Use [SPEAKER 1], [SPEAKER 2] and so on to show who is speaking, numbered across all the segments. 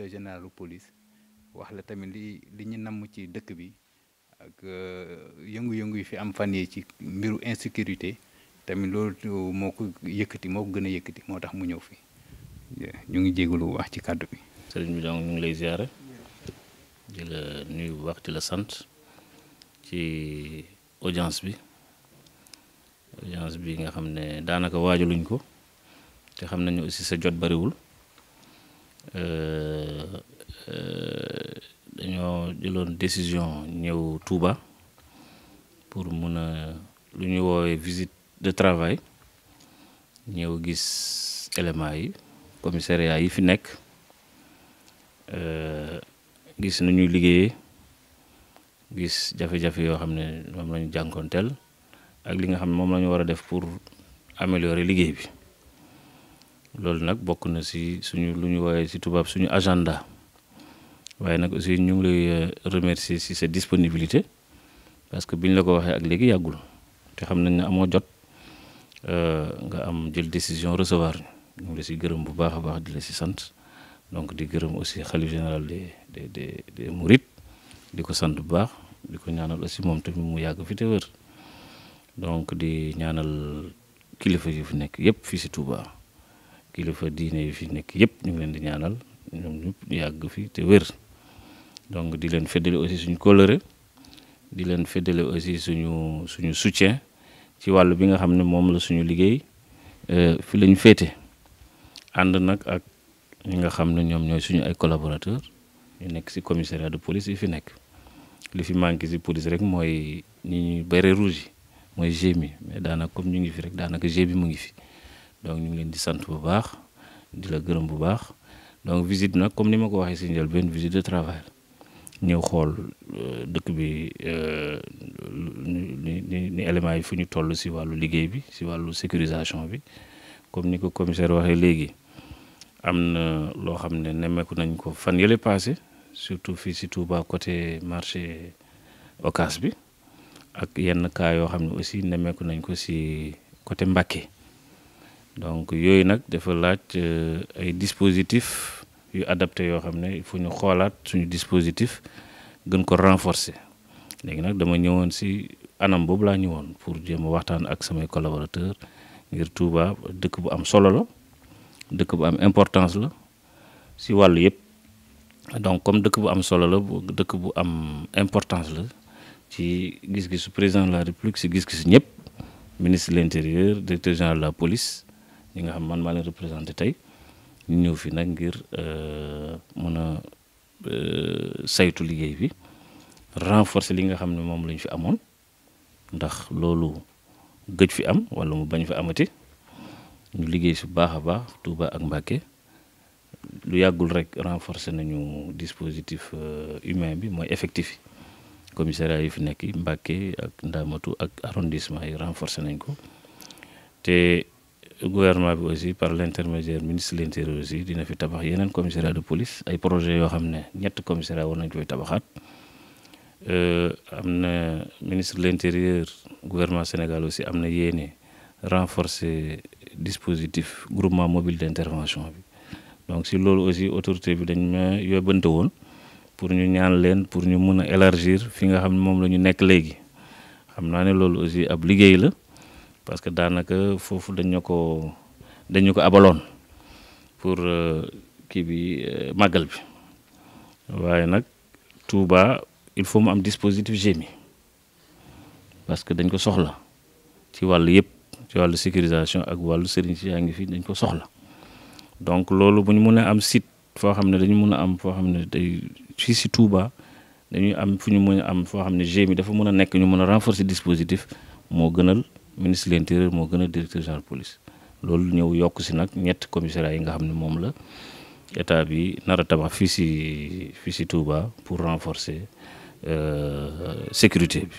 [SPEAKER 1] inspecteur général de police wax la tamit li li ñu namm ci dëkk bi ak euh, yëngu-yëngu yi fi am fan yi ci mbiru insécurité tamit loolu moo ko yëkkati moo ko gën a yëkkati moo tax mu ñëw fi ñu ngi jégalu wax ci kàddu bi. sëriñ bi donc lay ziare di la nuyu bu la sant ci audience bi audience bi nga xam ne daanaka waajaluñ ko te xam nañu aussi sa jot bariwul. Euh, euh, dañoo jëloon décision ñëw Touba pour mun a lu ñuy woowee visite de travail ñëw gis éléments yi commissariat yi fi nekk euh, gis nu ñuy liggéeyee gis jafe-jafe yoo xam ne moom la ñu jànkoonteel ak li nga xam ne moom lañu war a def pour améliorer liggéey bi. loolu nag bokk na si suñu lu ñu woowee si tubaab suñu agenda waaye nag aussi ñu ngi lay euh, remercier si sa disponibilité parce que biñ la ko waxee ak léegi yàggul te xam nañ ne amoo jot euh, nga am jël décision recevoir ñu ngi la si gërëm bu baax a baax di la si sant donc di gërëm aussi xalif général de des des des di ko sant bu baax di ko ñaanal aussi moom tamit mu yàgg fi te wër donc di ñaanal kilifa yi fu nekk yëpp fii si Touba. kilifa diine yi fi nekk yëpp ñu ngi leen di ñaanal ñoom ñëpp yàgg fi te wér donc di leen feddale aussi suñu coloré di leen feddale aussi suñu suñu soutien ci wàll bi nga xam ne moom la suñu liggéey euh, fi lañu féete ànd nag ak ñu nga xam ne ñoom ñooy suñu ay collaborateurs ñu nekk si commissariat de police yi fi nekk li fi manqué ci police rek mooy ñi ñu bëre rouge yi mooy gémi mais daanaka comme ñu ngi fi rek daanaka gémi mu ngi fi donc ñu ngi leen di sant bu baax di la gërëm bu baax donc visite nag comme ni ma ko waxee si njël benn visite de travail ñëw xool dëkk bi ni ni yi fu ñu toll si wàllu liggéey bi si wàllu sécurisation bi comme ni ko commissaire waxee léegi am na loo xam ne nemmeeku nañ ko fan yële passé surtout fii si Touba côté marché Ocass bi ak yenn cas yoo xam ne aussi nemmeeku nañ ko si côté Mbacké donc yooyu nag defa laaj euh, ay dispositifs yu adapté yoo xam ne il faut ñu xoolaat suñu dispositif gën ko renforcer léegi nag dama ñëwoon si anam boobu laa ñëwoon pour jéem a waxtaan ak samay collaborateurs ngir Touba dëkk bu am solo la dëkk bu am importance la si wàll yëpp donc comme dëkk bu am solo la dëkk bu am importance la ci gis-gisu président de la république si gis-gisu ñëpp ministre de l'intérieur directeur général de la police. ñi nga xam man maa leen représenté tey ñu ñëw fi nag ngir euh, mën a euh, saytu liggéey fi renforcer li nga xam ne moom lañ fi amoon ndax loolu gëj fi am wala mu bañ fi amati ñu liggéey si baax a baax Touba ak Mbacké lu yàggul rek renforcer nañu dispositif euh, humain bi mooy effectif yi commissariat yi fi nekk yi Mbacké ak Ndamatu ak arrondissement yi renforcer nañ ko te gouvernement bi aussi par l' intermédiaire ministre de l' intérieur aussi dina fi tabax yeneen commissariat de police ay projet yoo xam ne ñett commissariat war nañ koy tabaxaat euh, am na ministre de l' intérieur gouvernement Sénégal aussi am na yéene renforcer dispositif groupement mobile d' intervention bi donc si loolu aussi autorité bi dañ ma yóbbante woon pour ñu ñaan leen pour ñu mën a élargir fi nga xam ne moom la ñu nekk léegi xam naa ne loolu aussi ab liggéey la parce que daanaka foofu dañu ko dañu ko abaloon pour euh, kii bi euh, màggal bi waaye nag Touba il faut mu am dispositif GMI parce que dañ ko soxla ci wàll yëpp ci wàllu sécurisation ak wàllu sëriñ si yaa ngi fi dañ ko soxla donc loolu bu ñu mun a am site foo xam ne dañu mun a am foo xam ne day fii si Touba dañuy am fu ñu mun a am foo xam ne GMI dafa mun a nekk ñu mun a renforcer dispositif moo gënal. ministre de l'intérieur moo gën a directeur genre police loolu ñëw yokku si nag ñett commissariat yi nga xam ne moom la état bi nara a tabax fii si fii si Touba pour renforcer euh, sécurité bi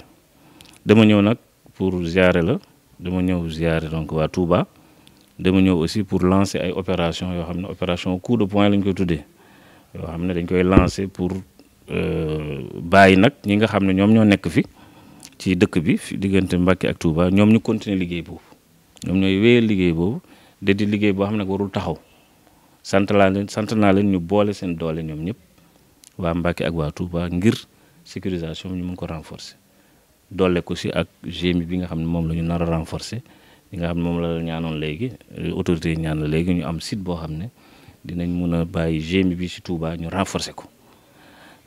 [SPEAKER 1] dama ñëw nag pour ziare la dama ñëw ziare donc waa Touba dama ñëw aussi pour lancer ay opération yoo xam ne opération coup de poing lañ koy tuddee yoo xam ne dañ koy lancer pour euh, bàyyi nag ñi nga xam ne ñoom ñoo nekk fi ci dëkk bi diggante Mbacke ak Touba ñoom ñu continuer liggéey boobu ñoom ñooy wéyal liggéey boobu de di liggéey boo xam ne warul taxaw sant laa leen sant naa leen ñu boole seen doole ñoom ñëpp waa Mbacke ak waa Touba ngir sécurisation ñu mun ko renforcer doole ko si ak GMI bi nga xam ne moom la ñu nar a renforcer li nga xam ne moom la la ñaanoon léegi autorité yi ñaan la léegi ñu am site boo xam ne dinañ mun a bàyyi GMI bi si Touba ñu renforcer ko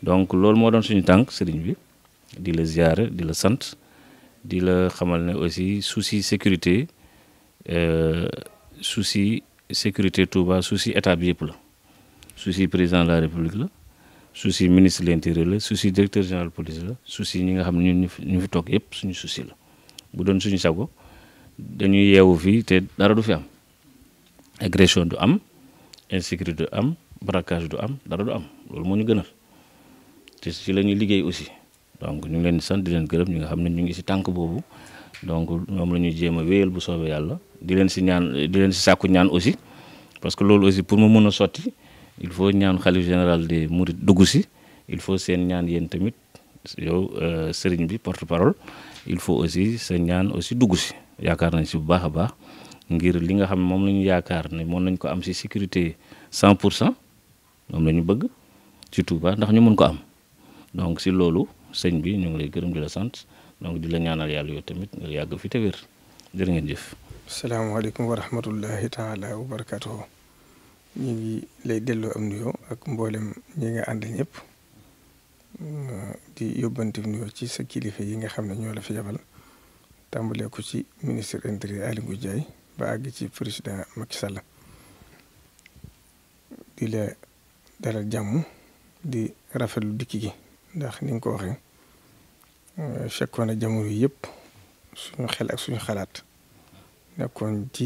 [SPEAKER 1] donc loolu moo doon suñu tànk sëriñ bi. di la ziyaara di la sant di la xamal ne aussi souci sécurité euh, souci sécurité Touba souci état bi yëpp la souci président la république la souci ministre de l'intérieur la souci directeur général police la souci ñi nga xam ne ñun ñu fi toog yëpp suñu souci la bu doon suñu sago dañuy yeewu fii te dara du fi am agression du am insécurité du am braquage du am dara du am loolu moo ñu gënal te ci lañuy liggéey aussi donc ñu ngi leen di sant di leen gërëm ñi nga xam ne ñu ngi si tànk boobu donc ñoom la ñuy jéem a wéyal bu soobee yàlla di leen si ñaan di leen si sàkku ñaan aussi parce que loolu aussi pour mu mën a sotti il faut ñaan xalif général des mourides duggu si il faut seen ñaan yéen tamit yow euh, sëriñ bi porte parole il faut aussi sa ñaan aussi dugg si yaakaar nañ si bu baax a baax ngir li nga xam ne moom la ñu yaakaar ne moom nañ ko am si sécurité cent pour cent moom la ñu bëgg ci Touba ndax ñu mën ko am sëñ bi ñu ngi lay gërëm di la sant donc di la ñaanal yàlla yow tamit nga yàgg fi te wér jërë ngeen
[SPEAKER 2] jëf. salaamaaleykum wa rahmatullahi taala wa barakaatuhu ñu ngi lay delloo am nuyoo ak mboolem ñi nga àndal ñëpp di yóbbante nuyoo ci sa kilifa yi nga xam ne ñoo la fi yabal tàmbaleeku ci ministre intérieur Aly Ngouille Ndiaye ba àgg ci président Macky Sall di la dalal jàmm di rafetlu dikki gi ndax ni nga ko waxee Euh, fekkoon na jamono yëpp suñu xel ak suñu xalaat nekkoon ci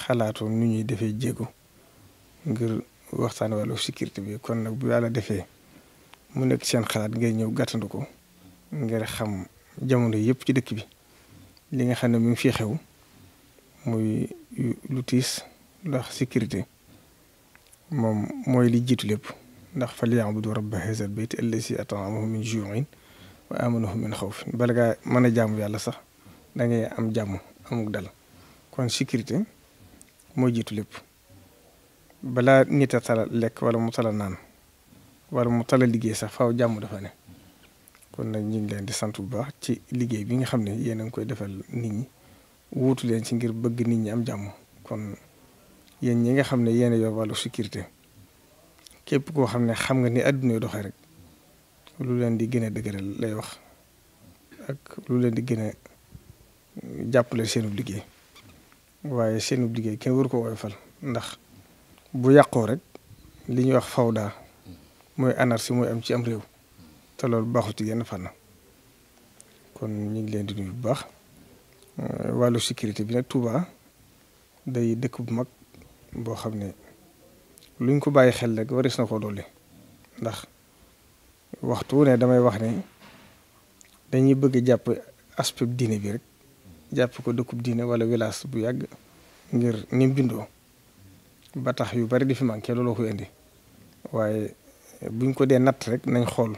[SPEAKER 2] xalaatu nu ñuy defee jéego ngir waxtaan wàllu sécurité bi kon nag bu yàlla defee mu nekk seen xalaat ngay ñëw gàttandu ko ngir xam jamono yëpp ci dëkk bi li nga xam ne mu ngi fii xew muy lu tiis ndax sécurité moom mooy li jiitu lépp ndax fal ya'budu rabba haazal bayti allazi at'amahum min juu'in wa amanuhu min xawf bala ngaa mën a jaamu yàlla sax dangay am jàmm amuk dal kon sécurité moo jiitu lépp balaa nit a tala lekk wala mu tala naan wala mu tala liggéey sax faaw jàmm dafa ne kon nag ñu leen di sant bu baax ci liggéey bi nga xam ne yéen a ngi koy defal nit ñi wuutu leen ci ngir bëgg nit ñi am jàmm kon yéen ñi nga xam ne yéen a yor sécurité képp koo xam ne xam nga ni àdduna doxe rek lu leen di gën a dëgëral lay wax ak lu leen di gën a jàppale seenub liggéey waaye seenub liggéey kenn waru ko woyofal ndax bu yàqoo rek li ñuy wax fawda mooy anarchie mooy am ci am réew te loolu baaxu ci genn fànn kon ñu ngi leen di nuyu bu baax euh, wàllu sécurité bi nag Touba day dëkk bu mag boo xam ne luñ ko bàyyi xel rek waris na koo dolli ndax waxtu wu ne damay wax ne dañuy bëgg jàpp aspect diine bi rek jàpp ko dëkkub diine wala village bu yàgg ngir ni bindoo ba tax yu bari di fi manqué looloo ko indi waaye buñ ko dee natt rek nañ xool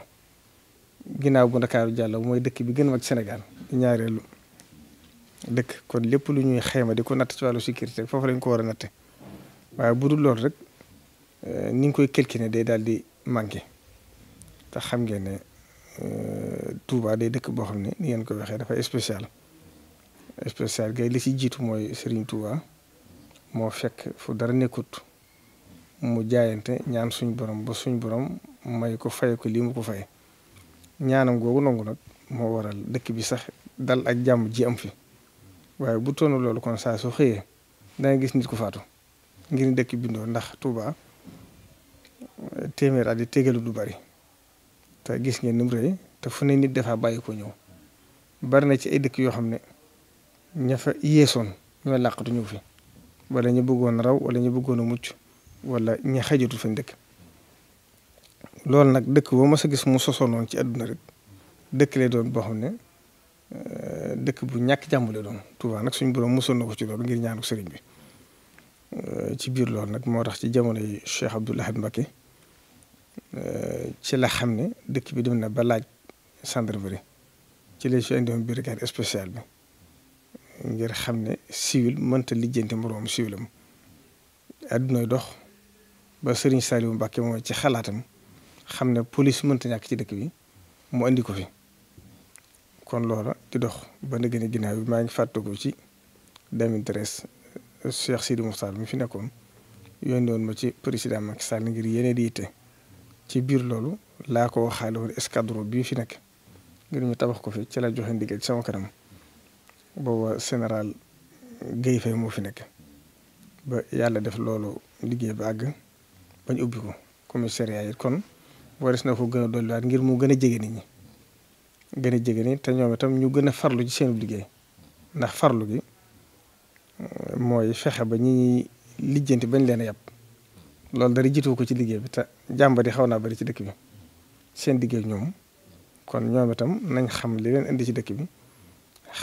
[SPEAKER 2] ginnaaw bu Ndakaaru jàll mooy dëkk bi gën mag Sénégal di ñaareelu dëkk kon lépp lu ñuy xayma di ko natt ci wàllu sécurité rek foofu lañ ko war a natte waaye bu dul loolu rek eh, ni ñu koy calculer day daal di manqué. te xam ngeen ne euh, Touba day dëkk boo xam ne ni ngeen ko waxee dafa spécial spécial gay li ci jiitu mooy Serigne Touba moo fekk fu dara nekkut mu jaayante ñaan suñ borom ba suñ borom may ko fay ko lii mu ko fay ñaanam googu nangu nag moo waral dëkk bi sax dal ak jàmm ji am fi waaye bu toonu loolu kon saa su xëyee danga gis nit ko faatu ngir dëkk bindoo ndax Touba téeméer at yi du bari te gis ngeen ni mu rëy te fu ne nit dafa bàyyi ko ñëw bari na ci ay dëkk yoo xam ne ña fa yeesoon ñoo làqatu ñëw fi wala ñu bëggoon raw wala ñu bëggoon a mucc wala ña xajatu fañ dëkk loolu nag dëkk boo ma sa gis mu sosoon ci àdduna rek dëkk lay doon boo xam ne euh, dëkk bu ñàkk jàmm lay doon Tuubaa nag suñu borom mosoon na ko ci loolu ngir ñaanu sëriñ bi euh, ci biir lool nag moo tax ci jamono yi Cheikh Abdoul Ahad Mbacké ci la xam ne dëkk bi dem na ba laaj gendarmerie ci la fi indi woon brigade spéciale bi ngir xam ne civil mënta lijjante moroom civilam addunay dox ba Serigne Saliou Mbacké moom ci xalaatam xam ne police mënta ñàkk ci dëkk bi mu indi ko fi kon loola di dox ba na gën a ginnaaw bi maa ngi fàttaliku ci 2013 Cheikh Sidi Moustapha mi fi nekkoon yónni woon ma ci président Macky Sall ngir yeneen di yitte ci biir loolu laa ko waxaale woon escadron bii fi nekk ngir ñu tabax ko fi ci la joxe ndigal ci sama kanam booba général Guèye Faye moo fi nekk ba yàlla def loolu liggéey ba àgg bañ ubbi ko commissariat yi kon waris na ko gën a dolliwaat ngir mu gën a jege nit ñi gën a jege nit te ñoom itam ñu gën a farlu ci seen liggéey ndax farlu gi mooy fexe ba ñi ñuy lijjanti bañ leen a yàpp loolu dara jiitu ko ci liggéey bi te jàmbar yi xaw naa bari ci dëkk bi seen liggéey ñoom kon ñoom itam nañ xam li leen indi ci dëkk bi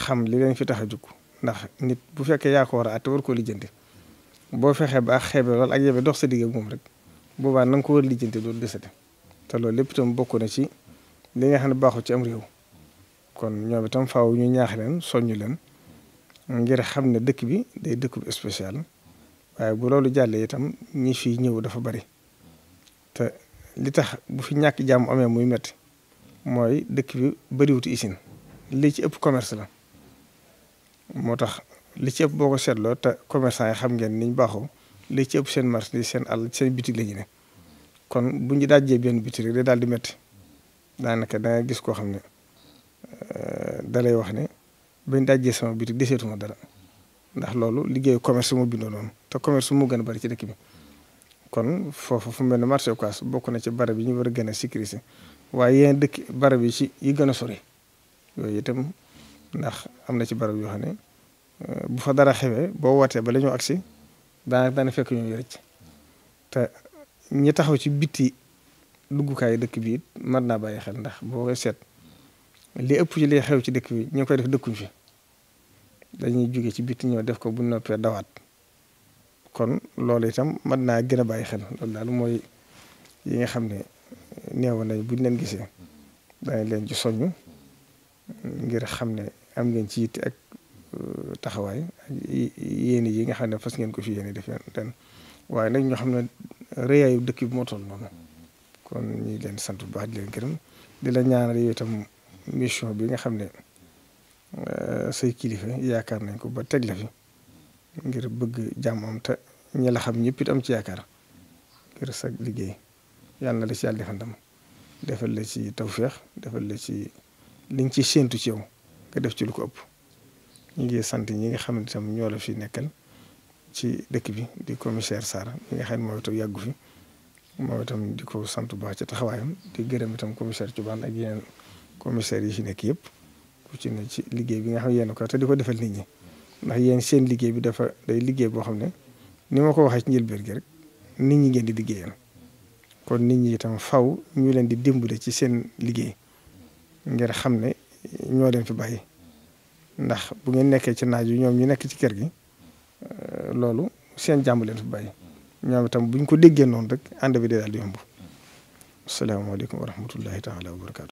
[SPEAKER 2] xam li leen fi tax a jug ndax nit bu fekkee yaa ko war a àtte war koo lijjanti boo fexee ba ak xeebe lool ak yebe dox sa liggéey moom rek boobaa na nga ko war a lijjanti loolu te loolu lépp itam bokk na ci li nga xam ne baaxul ci am réew kon ñoom itam faaw ñu ñaax leen soññu leen ngir xam ne dëkk bi day dëkku bu spécial. waaye bu loolu jàllee itam ñi fii ñëw dafa bari te li tax bu fi ñàkk jàmm amee muy metti mooy dëkk bi bariwut usine li ci ëpp commerce la moo tax li ci ëpp boo ko seetloo te commerçant yi xam ngeen niñ baaxoo li ci ëpp seen marché seen àll seen bitig la ne kon bu ñu dajjee benn bitig rek day daal di metti daanaka da nga gis koo xam ne euh, dalay wax ne bañ dajjee sama bitig deseetuma dara ndax loolu liggéey commerce moo bindoo noonu te commerce moo gën a bari ci dëkk kon foofu fu mel ne marché Ocass bokk na ci barab yi ñu war a gën a sécuriser waaye yeneen dëkk barab yi ci yi gën a sori yooyu itam ndax am na ci barab yoo xam ne euh, bu fa dara xewee boo wootee ba la ñu agsi daanaka daana fekk ñu rëcc te ñi taxaw ci bitti duggukaayu dëkk bi it mën naa bàyyi xel ndax boo koy seet li ëpp ci li xew ci dëkk bi ñu koy def dëkkuñ fi. dañuy jóge ci biti ñëw def ko bu ñu noppee dawaat kon loolu itam mën naa gën a bàyyi xel loolu daal mooy yi nga xam ne néew nañ buñ leen gisee danañ leen ci soññ ngir xam ne am ngeen ci yitte ak euh, taxawaay ak yi nga xam ne fas ngeen ko fi yéene def ren waaye nag ñoo xam ne rëyaayu dëkk bi moo toll noonu kon ñu leen sant bu baax di leen gërëm di la ñaanal yow itam mission bi nga xam ne. Euh, say kilifa yaakaar nañ ko ba teg la fi ngir bëgg jàmm am te ñi la xam ñëpp it am ci yaakaar ngir sa liggéey yàlla na la ci yàlla defal ndam defal la ci tawféex defal la ci liñ ci séentu ci yow nga def ci lu ko ëpp ñu ngi sant ñi nga xam ne tam ñoo la fi nekkal ci dëkk bi di commissaire Sarr mi nga xam ne mooy itam yàggu fi mooy itam di ko santu bu ca ci taxawaayam di gërëm itam commissaire Thioubane ak yeneen commissaires yi fi nekk yëpp. ku ci ci liggéey bi nga xam yéen ko te di ko defal nit ñi ndax yéen seen liggéey bi dafa day liggéey boo xam ne ni ma ko waxee ci njëlbéer gi rek nit ñi ngeen di liggéeyal kon nit ñi itam faw ñu leen di dimbale ci seen liggéey ngir xam ne ñoo leen fi bàyyi ndax bu ngeen nekkee ci naaj wi ñoom ñu nekk ci kër gi euh, loolu seen jàmm leen fi bàyyi ñoom itam buñ ko déggee noonu rek ànd bi di daal di yomb. asalaamaaleykum wa rahmatullahi taala barakaatu.